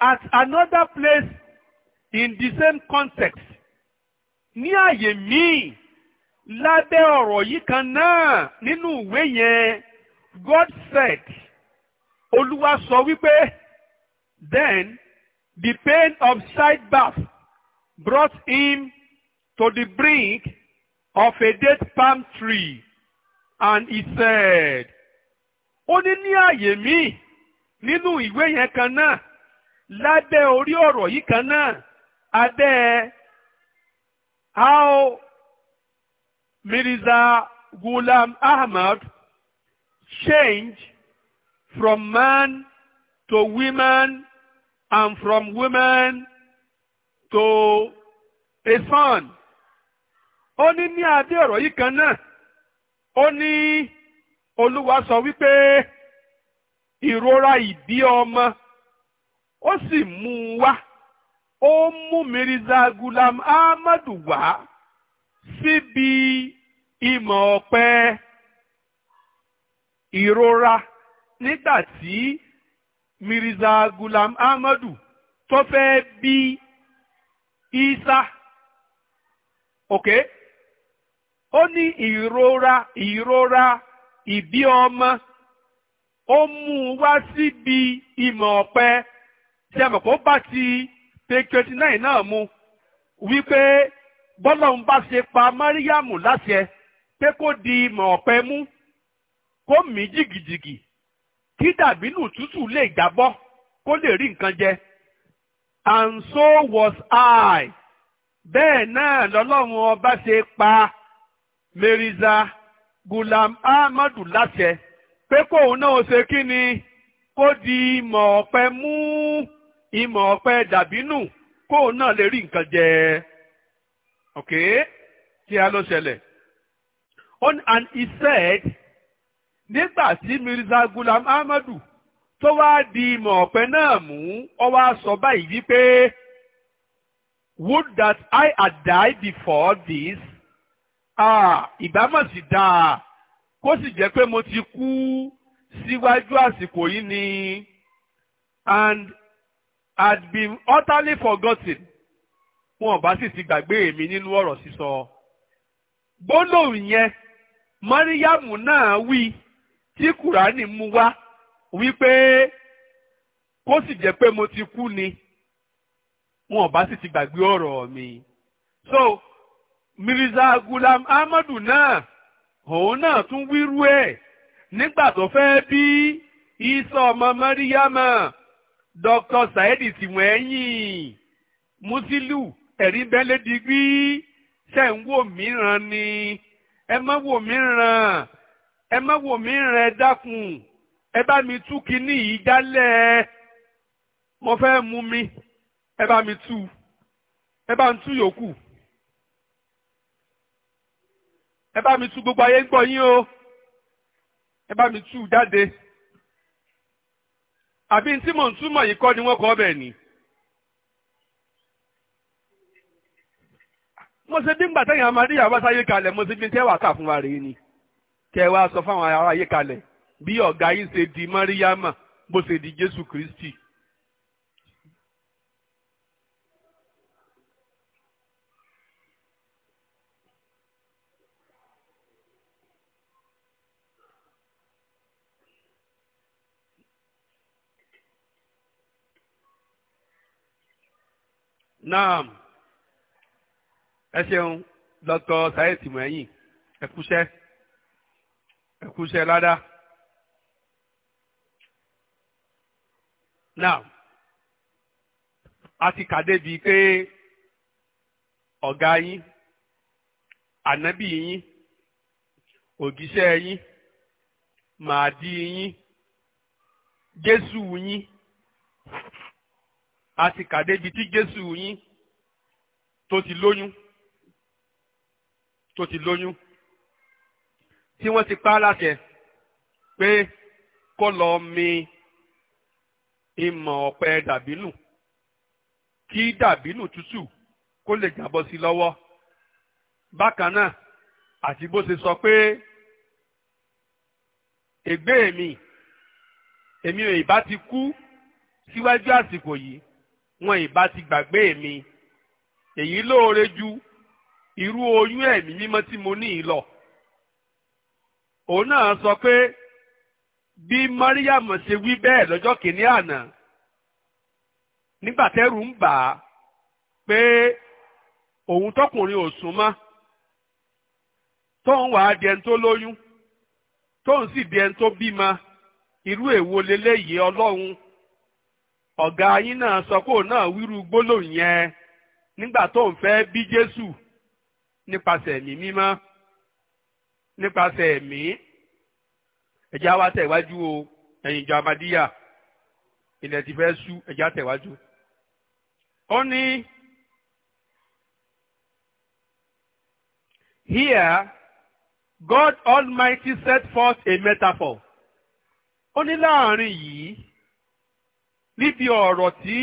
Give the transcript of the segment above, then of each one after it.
at another place in the same context ní àyè míì lábẹ́ ọ̀rọ̀ yìí kan náà nínú ìwé yẹn God said Olúwa sọ wípé then the pain of childbirth brought him to the brink of a date palm tree and he said ó ní ní àyè míì nínú ìwé yẹn kan náà lábẹ́ orí ọ̀rọ̀ yìí kan náà abẹ́ how Mirza Ghulam Ahmad change from man to woman and from woman to a son. ó ní ní abẹ́ ọ̀rọ̀ yìí kan náà ó ní olúwa sọ wípé ìrora ìbí ọmọ ó sì mú un wá ó mú Mirza Gulam Ahmadu wá síbi ìmọ̀ ọ̀pẹ ìrora nígbà tí Mirza Gulam Ahmadu tó fẹ́ bí Isa òkè ó ní ìrora ìrora ìbí ọmọ ó mú un wá síbi ìmọ̀ ọ̀pẹ tí a mọ̀ pé bá ti page twenty nine náà mu wípé bọ́lọ́hún bá ṣe pa Máríyámù láṣẹ pé kó di mọ̀ ọ̀pẹ mú kó mí jìgìjìgì kí dàbínú tútù lè jábọ́ kó lè rí nǹkan jẹ. and so was I bẹ́ẹ̀ náà lọ́lọ́run ọba ṣe pa Mirza Gulam Ahmadu láṣẹ pé kóun náà ṣe kí ni kó di mọ̀ ọ̀pẹ mú ìmọ̀ ọ̀pẹ dàbínú kóun náà lè rí nǹkan jẹ ok kí a ló ṣẹlẹ̀ on and he said nígbà tí Mirza Gulam Ahmadu tó wá di ìmọ̀ ọ̀pẹ náà mú ọ wá sọ báyìí wípé would that I had died before this ah ìbámọ̀ sì dáa kó sì jẹ́ pé mo ti kú síwájú àsìkò yìí ni and had been utterly forgotten wọn bá sì ti gbàgbé mi nínú ọ̀rọ̀ sísọ. gbólóhùn yẹn mọ́ríyàmù náà wí tí kùránì mú wá wípé kó sì jẹ́ pé mo ti kú ni wọn bá sì ti gbàgbé ọ̀rọ̀ mi. so Mirza Gulam Ahmadu náà òun náà tún wírú ẹ̀ nígbà tó fẹ́ bí Ìsá ọmọ mọ́ríyàmù dr saheed tìwẹ́yìn musilu ẹ̀rí bẹ́lẹ́ digbí ṣe ń wò mìíràn ni ẹ má wò mìíràn ẹ má wò mìíràn ẹ dákun ẹ bá mi tú kinní yìí jálẹ̀ mo fẹ́ mú mi ẹ bá mi tú ẹ bá ń tú yòókù ẹ bá mi tú gbogbo ayé ń yín o ẹ bá mi tú jáde àbí tí mò ń túmọ̀ yìí kọ́ ni wọ́n kọ́ bẹ́ẹ̀ ni. mo ṣe bí ń gbàtẹ́yìn amadíyà wá sáyé kalẹ̀ mo ṣe bí tẹ́ wàá kà fún wa rèé ni kẹ́ wá sọ fáwọn ará ayé kalẹ̀ bí ọ̀gá yìí ṣe di Máríyámà bó ṣe di Jésù Kristi. naam ẹ ṣeun dr saheed tìmọ̀ẹ́yìn ẹ kúṣẹ́ ẹ kúṣẹ́ ládàá naam a ti kàdé bíi pé ọ̀gá yín ànábì yín ògìṣẹ́ yín màdí yín jésù yín a ti kà débi tí Jésù yín tó ti lóyún tó ti lóyún tí wọ́n ti pa á láṣẹ pé kó lọ mi ìmọ̀ ọ̀pẹ dàbínù kí dàbínù tútù kó lè jábọ́ sí lọ́wọ́ bákan náà àti bó ṣe sọ pé ègbé mi èmi ò ìbá ti kú síwájú àsìkò yìí wọn ìbá ti gbàgbé mi èyí lóore ju irú oyún ẹ̀mí mímọ́ tí mo ní yìí lọ. òun náà sọ pé bí Mariam ṣe wí bẹ́ẹ̀ lọ́jọ́ kìíní àná nígbà tẹ́rù ń bà á pé òun tọkùnrin ò sún mọ́ tóun wàá di ẹni tó lóyún tóun sì di ẹni tó bímọ irú èwo leléyìí ọlọ́run. ọ̀gá yín náà sọ pé òun náà wíru gbólóhùn yẹn nígbà tó ń fẹ́ bí Jésù nípasẹ̀ ẹ̀mí mímọ́ nípasẹ̀ ẹ̀mí ẹ̀já wa tẹ̀ wájú o ẹ̀yìn ìjọ amadíyà ilẹ̀ ti fẹ́ sú ẹ̀já tẹ̀ ó ní here God Almighty set forth a metaphor ó ní láàrin yìí níbi ọ̀rọ̀ tí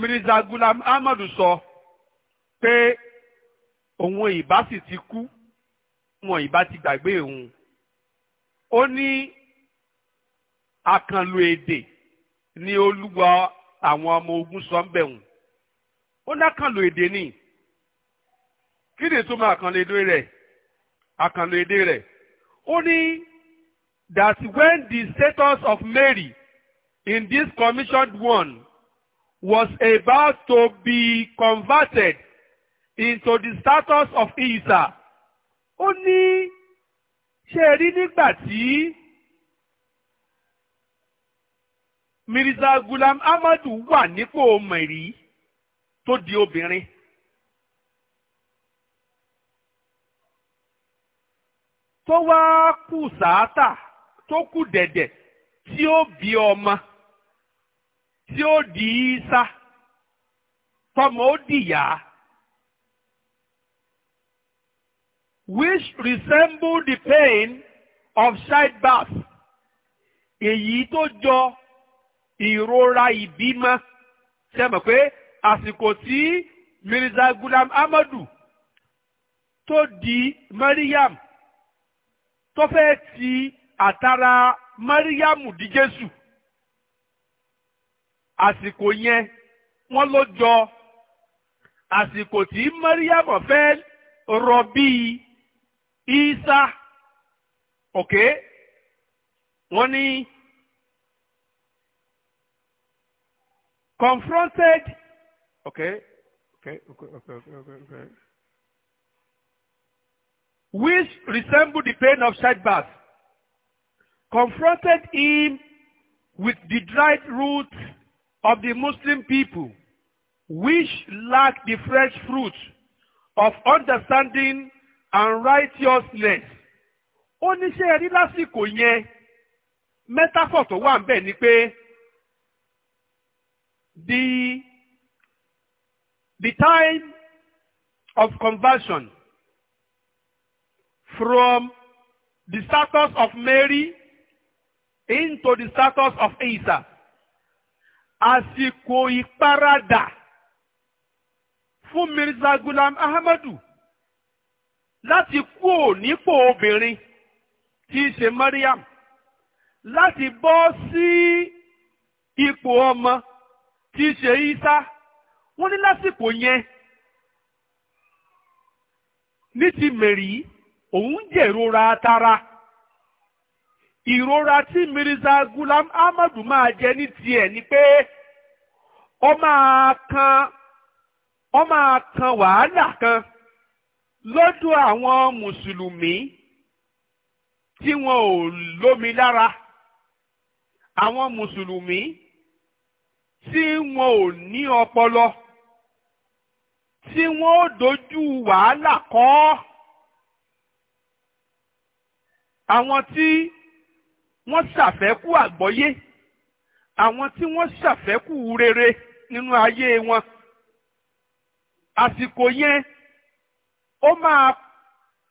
Mirza Gulam Ahmad sọ pé òun ìbá sì ti kú wọn ìbá ti gbàgbé òun ó ní àkànlò èdè ni olúwa àwọn ọmọ ogun sọ ń bẹ̀wọ̀n ó ní àkànlò èdè ni kí ni ìtumọ̀ àkànlò èdè rẹ̀ àkànlò èdè rẹ̀ ó ní that when the status of Mary in this commissioned one was about to be converted into the status of Isa. Ó ní ṣe rí nígbà tí Mirza Gulam Ahmadu wà nípò mẹ̀rí tó di obìnrin. Tó wá kù sàátà tó kù dẹ̀dẹ̀ tí ó bí ọmọ tí ó di ìsá tọmọ ó dìyà which resemble the pain of childbirth èyí tó jọ ìrora ìbímọ ṣe mọ̀ pé àsìkò tí Mirza Gulam Amadu tó di Mariam tó fẹ́ ti àtàrà Mariam di Jésù àsìkò yẹn wọ́n ló jọ àsìkò tí Mariam fẹ́ rọbí Isa ok wọ́n ní confronted ok ok ok ok ok ok okay which resemble the pain of childbirth confronted him with the dried roots of the Muslim people which lack the fresh fruit of understanding and righteousness. ó ní ṣe rí lásìkò yẹn metaphor tó wà níbẹ̀ ni pé the the time of conversion from the status of Mary into the status of Isa àsìkò ìparadà fún Mirza Gulam Ahmadu láti kúò nípò obìnrin tí í ṣe Mariam láti bọ́ sí ipò ọmọ tí í ṣe Isa wọ́n ní lásìkò yẹn ní ti mẹ̀rí òun jẹ̀rora tara ìrora tí Mirza Gulam Ahmadu máa jẹ ní tiẹ̀ ni pé ọ máa kan ọ máa kan wàhálà kan lọ́dọ̀ àwọn mùsùlùmí tí wọn ò lómi lára àwọn mùsùlùmí tí wọn ò ní ọpọlọ tí wọn ò dojú wàhálà kọ́ àwọn tí wọ́n ṣàfẹ́kù àgbọ́yé àwọn tí wọ́n ṣàfẹ́kù rere nínú ayé wọn àsìkò yẹn ó máa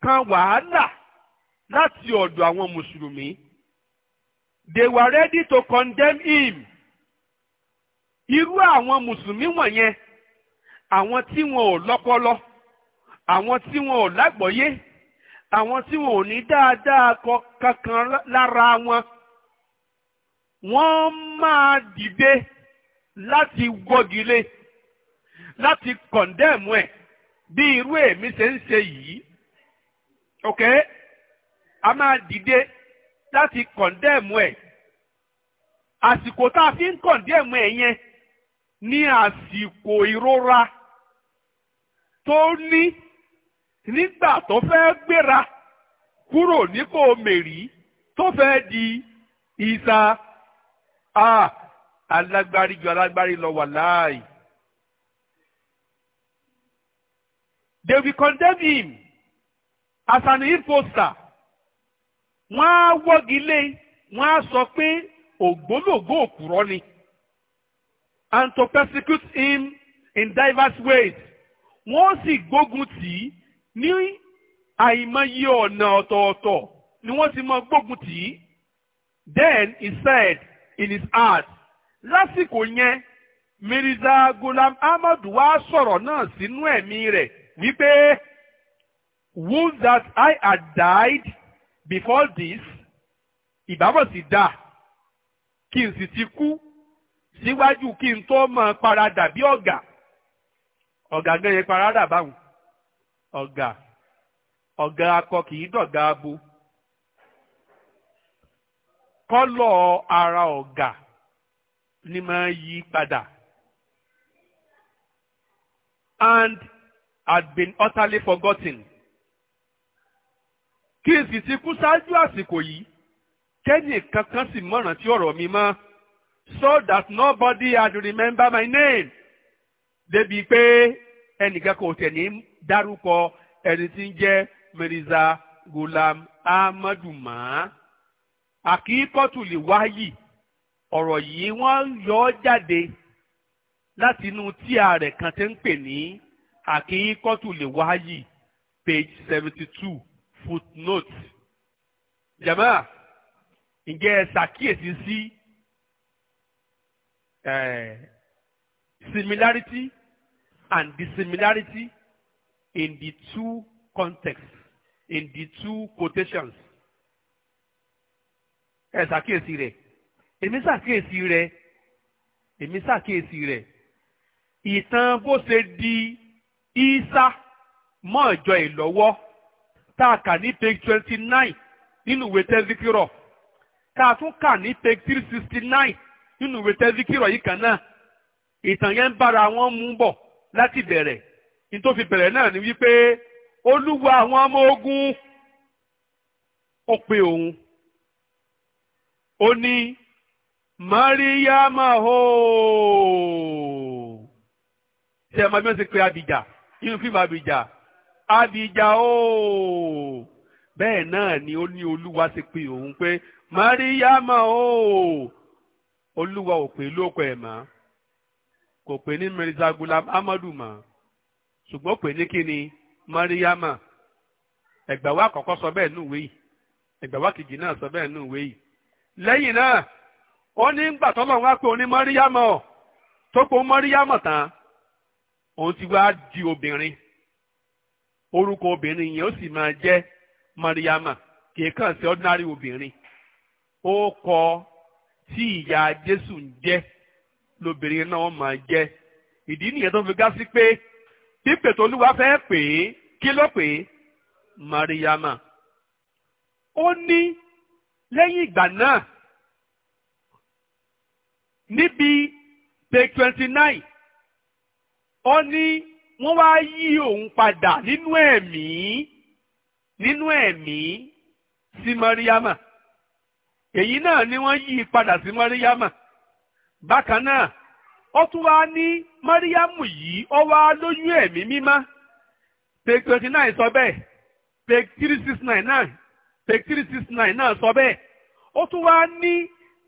kan wàhálà láti ọ̀dọ̀ àwọn mùsùlùmí they were ready to condemn him irú àwọn mùsùlùmí wọ̀nyẹn àwọn tí wọn ò lọ́pọlọ àwọn tí wọn ò lágbọ́yé àwọn tí wọn ò ní dáadáa kọ kankan lára wọn wọ́n máa dìde láti wọ́gilé láti kọ̀ndẹ́ẹ̀mù ẹ̀ bí irú èmi ṣe ń ṣe yìí ok a máa dìde láti kọ̀ndẹ́ẹ̀mù ẹ̀ àsìkò tá a fi ń kọ̀ndẹ́ẹ̀mù ẹ̀ yẹn ní àsìkò ìrora tó ní nígbà tó fẹ́ gbéra kúrò nípò mèrí tó fẹ́ di ìsa alágbárí ju alágbárí lọ wà láàyè. They will condemn him as an imposter. Wọ́n á wọ́gi lé, wọ́n á sọ pé ògbólógbò òkúrọ́ ni. And to persecute him in diverse ways. Wọ́n sì gbógun tì í ní àìmọye ọ̀nà ọ̀tọ̀ọ̀tọ̀ ni wọ́n ti mọ gbógun tì í then he said in his heart lásìkò yẹn Mirza Ghulam Ahmad wá sọ̀rọ̀ náà sínú ẹ̀mí rẹ̀ wípé would that I had died before this ìbábọ̀ sì dà kí n sì ti kú síwájú kí n tó máa paradà bí ọ̀gà ọ̀gà gan yẹn paradà báwọn. ọ̀gà ọ̀gà akọ kì í dọ̀gà abo kọ́lọ̀ ara ọ̀gà ni máa yí padà and had been utterly forgotten kí n sì ti kú ṣáájú àsìkò yìí kẹ́nì kankan sì mọ̀ràn tí ọ̀rọ̀ mi mọ́ so that nobody had remember my name débi pé ẹnìkan kò tẹ̀ ní dárúkọ ẹni tí ń jẹ́ Mirza Ghulam Ahmadu mọ́ àkíkọ́tùlì wáyì ọ̀rọ̀ yìí wọ́n yọ ọ́ jáde láti inú tíà rẹ̀ kan tí ń pè ní àkíkọ́tùlì wáyì page seventy two footnote jama ǹjẹ́ ẹ ṣàkíyèsí sí eh, similarity and dissimilarity in the two contexts in the two quotations ẹ ṣàkíyèsí rẹ̀ èmi ṣàkíyèsí rẹ̀ èmi ṣàkíyèsí rẹ̀ ìtàn bó ṣe di ìsá mọ́ ìjọ ìlọ́wọ́ tá a kà ní page twenty nine nínú ìwé tẹ́síkírọ̀ tá a tún kà ní page three sixty nine nínú ìwé tẹ́síkírọ̀ yìí kan náà ìtàn yẹn ń bára wọn mú bọ̀ láti bẹ̀rẹ̀ ní tó fi bẹ̀rẹ̀ náà ni wípé olúwa àwọn ọmọ ogun ó pe òun ó ní mariama ho ṣe ẹ máa bí wọ́n ti pe abidjan inú fíìmù abidjan abidjan ooo bẹ́ẹ̀ náà ni ó ní olúwa ti pe òun pé mariama o olúwa ò pè lóko ẹ̀ mọ́ kò pè ní mirza amadu mọ́ ṣùgbọ́n pè ní kí ni mariama ẹ̀gbà wa àkọ́kọ́ sọ bẹ́ẹ̀ nù wéyìí ẹ̀gbà wa kejì náà sọ bẹ́ẹ̀ nù wéyìí lẹ́yìn náà ó ní gbà tọ́lọ̀ wá pé oní mariama ọ̀ tó pé mariama tán òun ti wá di obìnrin orúkọ obìnrin yẹn ó sì máa jẹ́ mariama kìí kàn sí ordinary obìnrin ó kọ tí ìyá jésù ń jẹ́ lóbìnrin náà máa jẹ́ ìdí nìyẹn tó fi gá sí pé. pípè tó lúwa fẹ́ pè é kí ló pè é mariama ó ní lẹ́yìn ìgbà náà níbi page twenty nine ó ní wọ́n wá yí òun padà nínú ẹ̀mí nínú ẹ̀mí sí mariama èyí náà ni wọ́n yí padà sí mariama bákan náà. ó tún wá ní mọ́ríyámù yìí ó wá lóyún ẹ̀mí mímá page twenty nine sọ bẹ́ẹ̀ page three six nine náà page three six nine náà sọ bẹ́ẹ̀ ó tún wá ní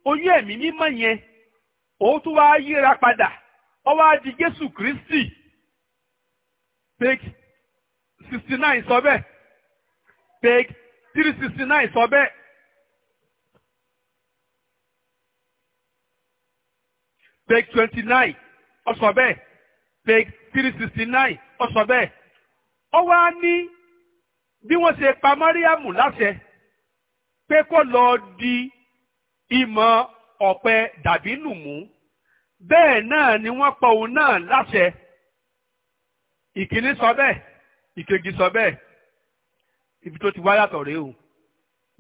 oyún ẹ̀mí mímá yẹn ó tún wá yíra padà ó wá di Jésù Kristi page sixty nine sọ bẹ́ẹ̀ page three sixty nine sọ bẹ́ẹ̀. Peg twenty nine ó sọ bẹ́ẹ̀ three sixty nine ó sọ bẹ́ẹ̀ ó wá ní bí wọ́n ṣe pa Mariamu láṣẹ pé kó lọ di ìmọ̀ ọ̀pẹ dàbínù mú bẹ́ẹ̀ náà ni wọ́n pa òun náà láṣẹ ìkíní sọ bẹ́ẹ̀ ìkejì sọ bẹ́ẹ̀ ibi tó ti wá yàtọ̀ rèé o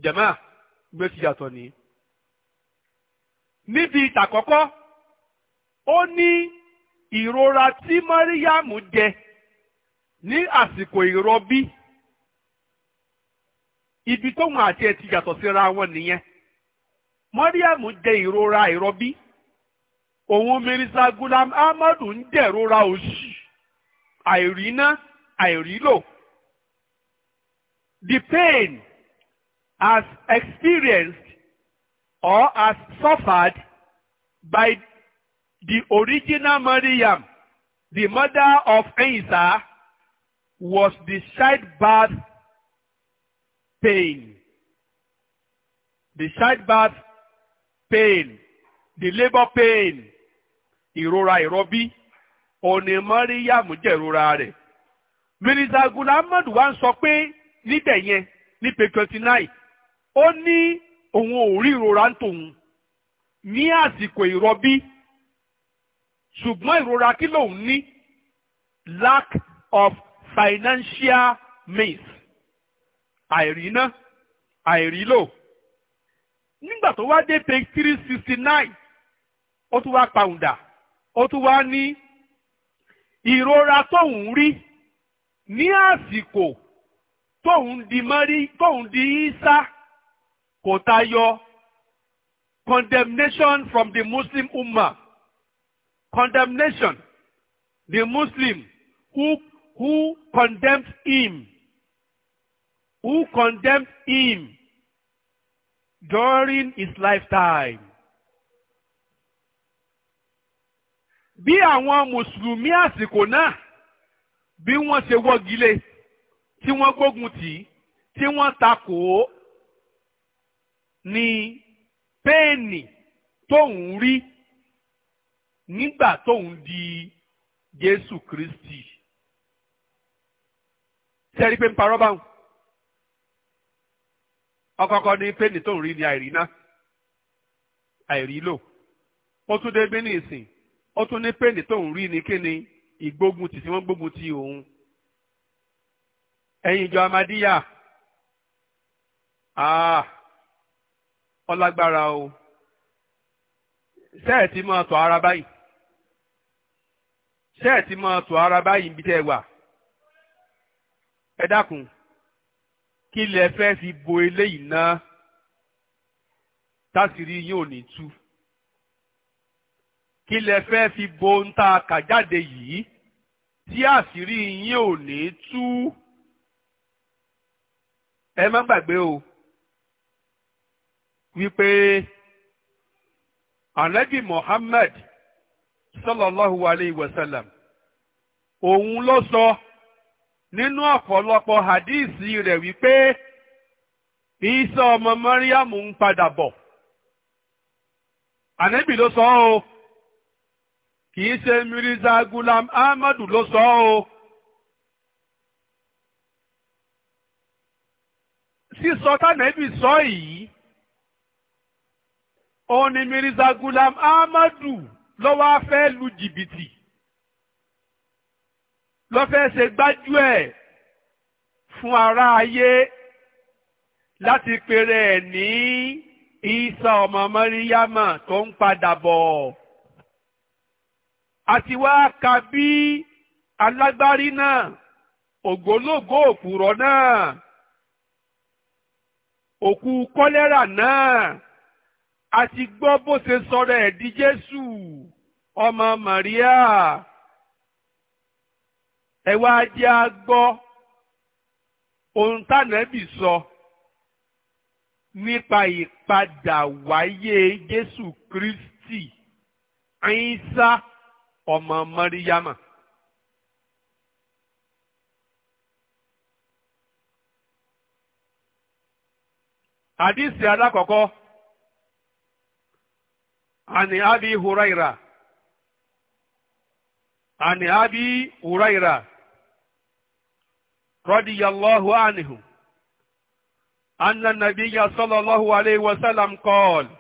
jẹ̀má gbé ti yàtọ̀ nìyí níbi ìtàkọ́kọ́ ó ní ìrora tí Mariam jẹ ní àsìkò ìrọbí ibi tóun àti ẹ ti yàtọ̀ síra wọn nìyẹn Mariam jẹ ìrora ìrọbí òun Mirza Gulam Ahmadu ń jẹ̀rora òṣì àìríná àìrílò the pain as experienced or as suffered by the original Maryam, the mother of Isa, was the childbirth pain. The childbirth pain, the labor pain, ìrora ìrọbí, ọ̀nà Maryam jẹ́ ìrora rẹ̀. Mirza Gulahmad wa ń sọ pé níbẹ̀ yẹn ní page twenty nine ó ní òun ò rí ìrora ń tòun ní àsìkò ìrọbí ṣùgbọ́n ìrora kí lòun ní lack of financial means àìríná àìrílò nígbà tó wá dé page three sixty nine ó tún wá pàwùdà ó tún wá ní ìrora tóun rí ní àsìkò tóun di mọ́rí tóun di ìsá kò tayọ condemnation from the Muslim Ummah condemnation, the Muslim who, who condemned him, who condemned him during his lifetime. Bí àwọn Mùsùlùmí àsìkò náà bí wọ́n ṣe wọ́gilé tí wọ́n gbógun tì í tí wọ́n takò ó ni péènì tóun rí. nígbà tóun di Jésù Kristi sẹ́rí pé ń parọ́ báwọn ọkọ̀ọ̀kọ̀ ní pẹ́ẹ́nì tóun rí ni àìrí náà àìrí lò ó tún dé bí ní ìsìn ó tún ní pẹ́ẹ́nì tóun rí ni kíni ìgbógun tì sí wọ́n gbógun ti òun ẹ̀yin ìjọ amadíyà ọlágbára ah, o sẹ́ẹ̀ tí máa tọ̀ ara báyìí. ṣé ẹ ti mọ tò ara báyìí níbi tẹ́ ẹ wà ẹ dákun kí lẹ fẹ́ fi bo eléyìí náà tásìrí yín ò ní tú kí lẹ fẹ́ fi bo ń ta kàjáde yìí tí àṣírí yín ò ní tú ẹ má gbàgbé o wípé Ànábì Muhammad sallallahu alayhi wa sallam òun ló sọ nínú ọ̀pọ̀lọpọ̀ hadíìsì rẹ̀ wípé Ìsá ọmọ Mariam ń padà bọ̀ ànábì ló sọ ọ́ kì í ṣe Mirza Gulam Ahmadu ló sọ ọ́. sísọ tánàbì sọ yìí òun ni Mirza Gulam Ahmadu lọ́wọ́ á fẹ́ lu jìbìtì lọ́fẹ́ ṣe gbájú ẹ̀ fún ará ayé láti pèrè ẹ̀ ní ìsà ọmọ mọ́ríyámà tó ń padà bọ̀. àti wá ka bí alágbárí náà ògbólógbò òpùrọ̀ náà òkú kọ́lẹ́rà náà a ti gbọ́ bó ṣe sọ̀rọ̀ ẹ̀ di Jésù ọmọ Màríà ẹ wá jẹ́ a gbọ́ ohun tànẹ́bì sọ nípa ìpadà wáyé Jésù Kristi Àìsá ọmọ Màríyámà. àdìsí alákọ̀ọ́kọ́. عن أبي هريرة عن أبي هريرة رضي الله عنه أن النبي صلى الله عليه وسلم قال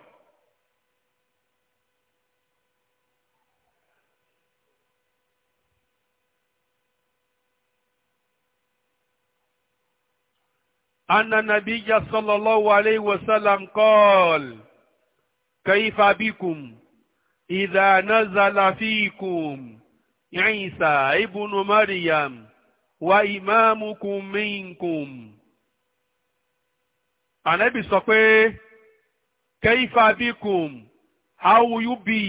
أن النبي صلى الله عليه وسلم قال kaifa bikum idha nazala fikum Isa ibnu Maryam wa imamukum minkum. Ànábì sọ pé kaifa bikum how will you be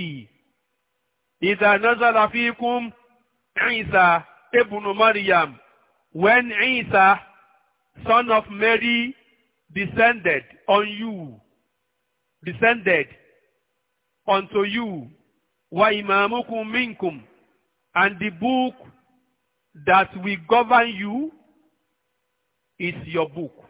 idha nazala fikum Isa ibnu Maryam when Isa son of Mary descended on you descended unto you wa imamukum minkum and the book that will govern you is your book.